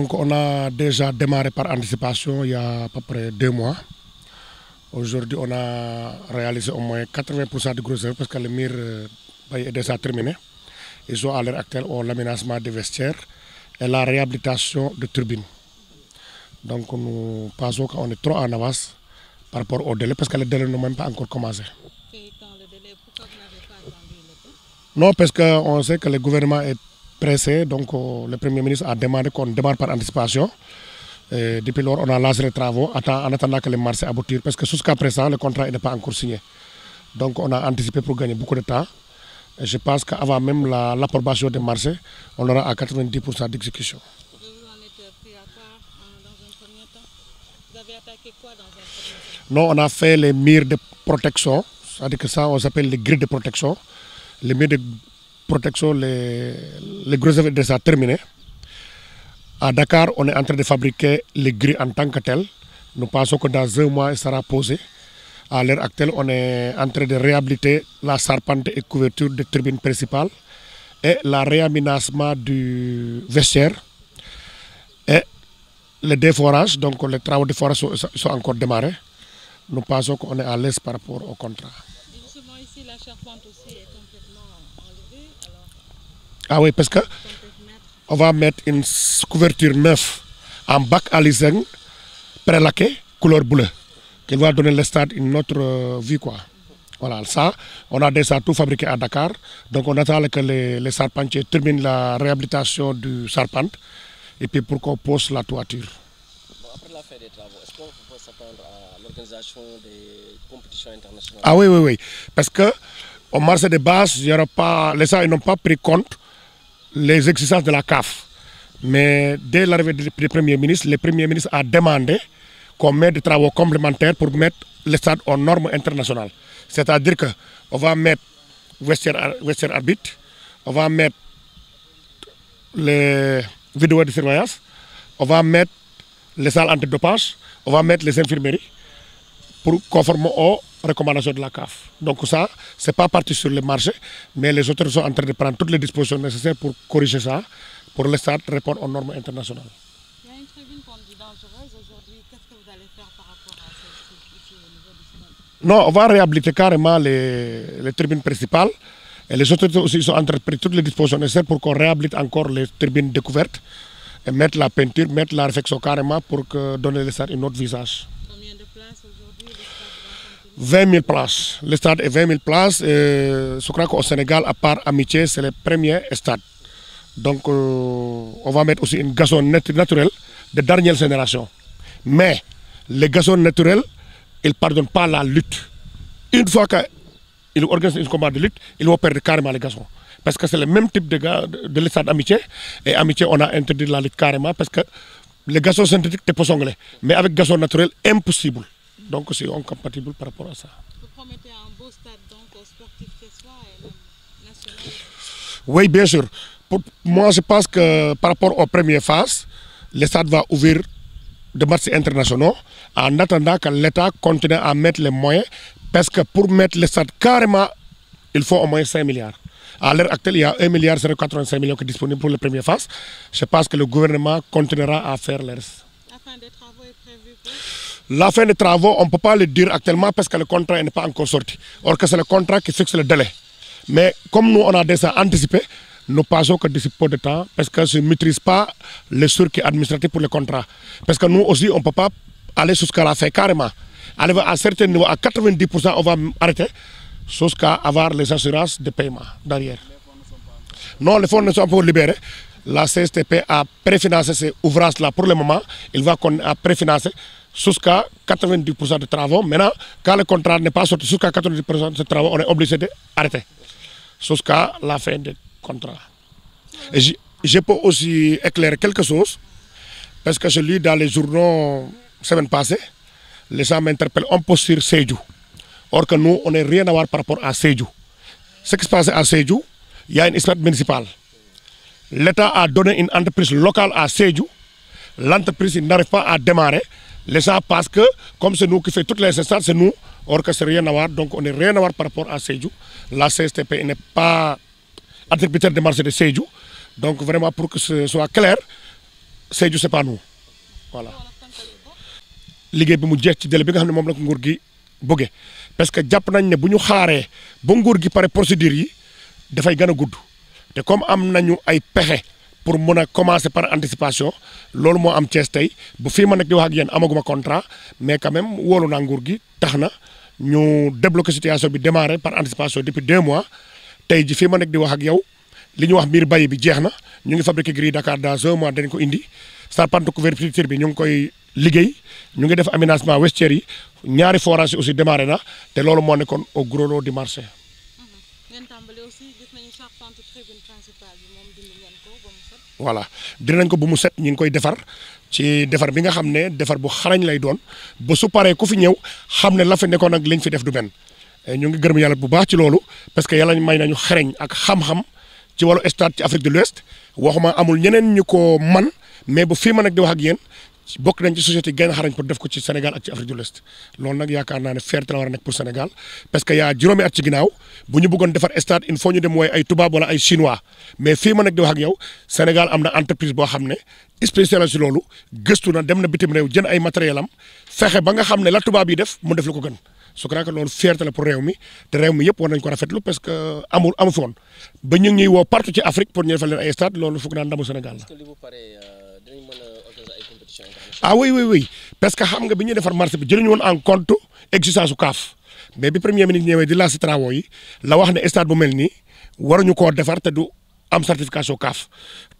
Donc on a déjà démarré par anticipation il y a à peu près deux mois. Aujourd'hui, on a réalisé au moins 80% de gros œuvres parce que le mur euh, est déjà terminé. Ils sont à l'heure actuelle au l'aménagement des vestiaires et la réhabilitation de turbines. Donc nous pensons qu'on est trop en avance par rapport au délai parce que le délai n'a même pas encore commencé. pressé. Donc, euh, le Premier ministre à demandé qu'on démarre par anticipation. depuis lors, on a lancé les travaux en attendant que les marchés aboutissent, parce que jusqu'à présent, le contrat n'est pas encore Donc, on a anticipé pour gagner beaucoup de temps. je pense qu'avant même l'approbation la, des on aura à d'exécution. Non, on a fait les murs de protection, c'est-à-dire que ça, on s'appelle les grilles de protection. Les murs de protection, les, les gros œuvres déjà terminées. À dakaar on est en de fabriquer les grilles en tant que telles. Nous pensons que dans un mois, il sera posé. À l'heure actuelle, on est en de réhabiliter la charpente et couverture de tribunes principales et la réaménagement du vestiaire et le déforage. Donc, les travaux de forage sont, sont encore démarrés. Nous pensons qu'on est à l'aise par rapport au contrat. Ah parce que on va mettre une couverture neuve en bac à couleur bleue, qui va donner le une autre euh, vie. Quoi. Voilà, ça, on a déjà tout fabriqué à Dakar. Donc on attend que les, les serpentiers la réhabilitation du serpent et puis pour qu'on la toiture. Bon, après la ah Parce que au marché des bases, il y aura pas, pas pris compte les exigences de la CAF. Mais dès l'arrivée du Premier ministre, le Premier ministre a demandé qu'on mette des travaux complémentaires pour mettre le stade aux normes internationales. C'est-à-dire qu'on va mettre Western, Western Arbitre, on va mettre les vidéos de surveillance, on va les salles antidopage, on va les infirmeries pour conformer aux recommandation de la CAF. Donc ça, ce n'est pas parti sur le marché, mais les auteurs sont en train de prendre toutes les dispositions nécessaires pour corriger ça, pour le répondre aux normes internationales. a une tribune qu'on dit dangereuse aujourd'hui. Qu'est-ce que vous allez faire par rapport à ce au Non, on va réhabiliter carrément les, tribunes principales. Et les autorités aussi sont en toutes les dispositions nécessaires pour qu'on réhabilite encore les tribunes découvertes et mettre la peinture, mettre la réflexion carrément pour que, donner le stade visage. 20 000 places. Le stade est 20 000 places. Et je crois Sénégal, à part Amitié, c'est le premier stade. Donc, euh, on va mettre aussi une gazonne naturelle de dernière génération. Mais les gason naturels, ils ne pardonnent pas la lutte. Une fois qu'ils organisent une combat de lutte, ils vont perdre carrément les gazons. Parce que c'est le même type de, de, de l'estade Amitié. Et Amitié, la lutte carrément parce que les gazons synthétiques, t'es pas Mais avec gazon naturel, impossible. donc c'est incompatible par rapport à ça. un beau stade donc aux sportifs ce soir Oui, bien sûr. moi, je pense que par rapport aux premières phases, le stade va ouvrir de matchs internationaux en attendant que l'État continue à mettre les moyens parce que pour mettre le stade carrément, il faut au moins 5 À l'heure actuelle, il y a 1 milliard 085 millions qui est disponible pour la première phase. Je pense que le gouvernement continuera à faire le La fin des travaux, on ne peut le dire actuellement parce que le contrat n'est pas encore sorti. Or que c'est le contrat qui fixe le délai. Mais comme nous, on a déjà anticipé, nous passons que d'ici de temps parce que je ne pas les circuits administratifs pour le contrat. Parce que nous aussi, on ne peut pas aller la fin carrément. Aller à certains niveaux, à 90%, on va arrêter jusqu'à avoir les assurances de paiement derrière. Non, La pour le moment. Il va préfinancer jusqu'à 90% de travaux. Maintenant, quand le contrat n'est pas sorti jusqu'à 90% de travaux, on est obligé d'arrêter jusqu'à la fin du contrat. Et je, je, peux aussi éclairer quelque chose, parce que je lis dans les journaux semaine passée, les gens m'interpellent, on peut sur Sejou. Or que nous, on n'a rien à voir par rapport à Sejou. Ce qui se passe à Sejou, il y a une histoire municipale. L'État a donné une entreprise locale à Sejou. L'entreprise n'arrive pas à démarrer. Les gens pensent que, comme c'est nous qui fait toutes les instances, c'est nous, or que c'est rien à voir, donc on n'est rien à voir par rapport à Sejou. La CSTP n'est pas attributaire des marchés de Sejou. Donc vraiment, pour que ce soit clair, Sejou, c'est pas nous. liggéey bi mu jeex ci délai bi nga xam ne moom la ko nguur gi bëgge parce que jàpp nañ ne bu ñu xaaree ba nguur gi pare procédure yi dafay gën a gudd te comme am nañu ay pexe pour mun a commencer par anticipation loolu moo am Thiès tey bu fii ma nekk di wax ak yéen amaguma contrat mais quand même wóolu naa nguur gi tax na ñu débloquer situation bi démarrer par anticipation depuis deux mois tey ji fii ma nekk di wax ak yow li ñu wax mbir bay bi jeex na ñu ngi fabriquer grille Dakar dans un mois dañ ko indi charpente couverture bi ñu ngi koy liggéey ñu ngi def aménagement vestiaire yi ñaari forage aussi démarré na te loolu moo nekkoon au gros lot du voilà dinañ ko bu mu set ñu ngi koy defar ci defar bi nga xam ne defar bu xarañ lay doon ba su paree ku fi ñëw xam ne la fi nekkoon ak lañ fi def du benn eh, ñu ngi gërëm yàlla bu baax ci loolu parce que yàlla may nañu xereñ ak xam-xam ci wàllu stade ci Afrique de l'Ouest waxuma amul ñeneen ñu ko man mais bu fii ma nag di wax ak yéen bokk nañ ci société gën xarañ pour def ko ci Sénégal ak ci Afrique de l'Ouest loolu nag yaakaar naa ne fierté la war a nekk pour Sénégal parce que yaa juróomi at ci ginnaaw bu ñu bëggoon defar stade il faut ñu dem wooye ay tubaab wala ay chinois mais fii ma nekk di wax ak yow Sénégal am na entreprise boo xam ne spécialisé loolu gëstu na dem na bitim réew jën ay matériel am fexe ba nga xam ne la tubaab yi def mu def lu ko gën su ko que loolu fierté la pour réew mi que amul amu fi woon ba ñu ah oui oui oui parce que xam nga bi ñuy defar marché bi jëluñu woon en compte existence su mais bi premier ministre ñëwee di lancé travaux yi la wax ne stade bu mel nii waruñu koo defar te du am certification CAF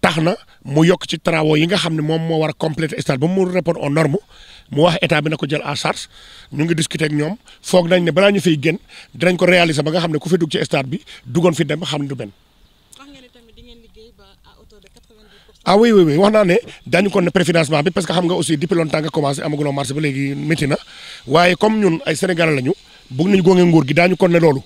tax na mu yokk ci travaux yi nga xam ne moom moo war a complété stade ba mu répondre aux normes mu wax état bi na ko jël à charge ñu ngi discuter ak ñoom foog nañ ne balaa ñu fiy génn dinañ ko réaliser ba nga xam ne ku fee dugg ci stade bi duggoon fi dem xam ne du ah oui oui oui wax naa ne daañu ko ne préfinancement bi parce que xam nga aussi depuis longtemps nga commencé amaguloo marché ba léegi métti na waaye comme ñun ay sénégalais lañu bëgg nañu gonge nguur gi daañu ko ne loolu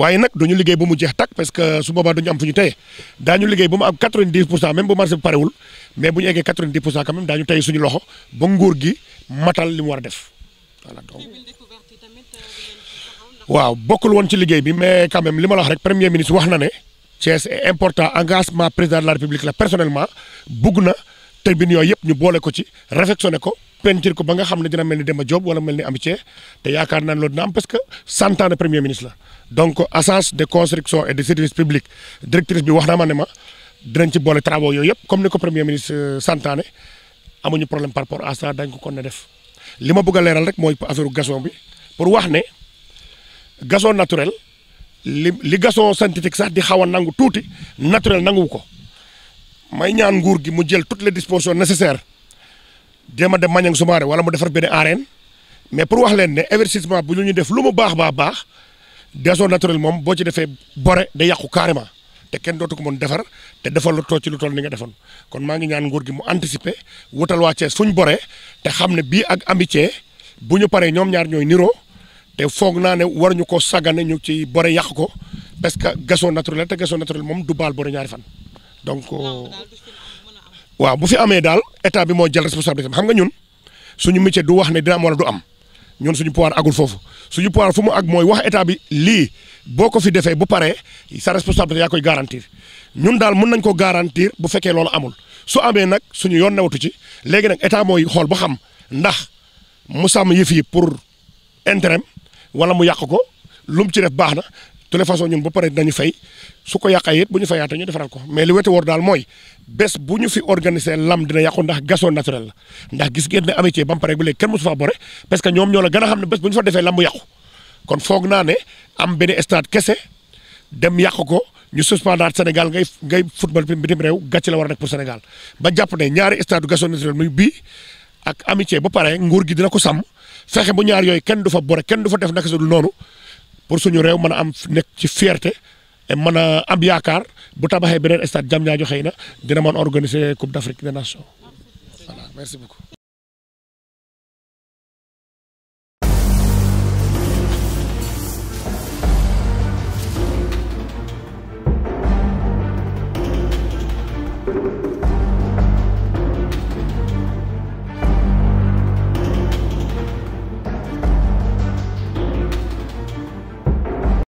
waaye nag duñu liggéey ba mu jeex tak parce que su boobaa duñu am fu ñu teye daañu liggéey ba mu am 90 pour cent même bu marché bi parewul mais bu ñu eggee 90 pour cent quand même daañu tey suñu loxo ba nguur a def voilà donc waaw woon ci liggéey bi mais quand même li ma la wax rek wax na ne Thiès est important engagement président de la république la personnellement bugg na tribune yooyu yëpp ñu boole ko ci réfectionné ko peinture ko ba nga xam ne dina mel ni Demba Diop wala mel ni Amitié te yaakaar naa ne loolu dina am parce que cent ans de premier ministre la donc agence de construction et de service public directrice bi wax na ma ne ma dinañ ci boole travaux yooyu yëpp comme ni ko premier ministre euh, santaane amuñu problème par rapport à ça dañ ko kon def li ma bëgg leeral rek mooy affaire gazon bi pour wax ne gazon naturel li li gazon synthétique sax di xaw nangu tuuti naturel nanguwu ko may ñaan nguur gi mu jël toutes le dispositions nécessaires jéem a dem Maniang Soumaré wala mu defar benn arène mais pour wax leen ne investissement bu ñu ñu def lu mu baax baax baax gazon naturel moom boo ci defee bore day yàqu carrément te kenn dootu ko mën defar te defal lu too ci lu toll ni nga defoon kon maa ngi ñaan nguur gi mu anticiper wutal waa Thiès fu ñu boree te xam ne bii ak amitié bu ñu paree ñoom ñaar ñooy niroo te foog naa ne war ñu ko sàggane ñu ci bore yàq ko parce que gazon naturel te gazon naturel moom du baal bore ñaari fan donc euh, waaw bu fi amee daal état bi moo jël responsabilité xam nga ñun suñu métier du wax ne dina am wala du am ñun suñu pouvoir agul foofu suñu pouvoir fu mu ag mooy wax état bi lii boo ko fi defee bu paree sa responsabilité yaa koy garantir ñun daal mun nañ ko garantir bu fekkee loolu amul su amee nag suñu yoon newatu ci léegi nag état mooy xool ba xam ndax mu sàmm yëf yi pour intérêt wala mu yàq ko lu mu ci def baax na de toute façon ñun ba pare dinañu fay su ko yàqee it bu ñu fayaatee ñu defaral ko mais li wete woor daal mooy bés bu ñu fi organiser lam dina yàqu ndax gazon naturel la ndax gis ngeen ne amitié ba mu pare bu léegi kenn mosu faa bore parce que ñoom ñoo la gën a xam ne bés bu ñu fa defee lam mu yàqu kon foog naa ne am benn stade kese dem yàq ko ñu suspendaat Sénégal ngay ngay football bi bitim réew gàcce la war a pour Sénégal ba jàpp ne ñaari stade gazon naturel bii ak amitié ba pare nguur gi dina ko sàmm fexe bu ñaar yooyu kenn du fa bore kenn du fa def naka su dul noonu pour suñu réew mën a am nekk ci fierté et mën a am yaakaar bu tabaxee beneen stade Diamniadio xëy na dina mën organiser Coupe d'Afrique des Nations voilà merci beaucoup.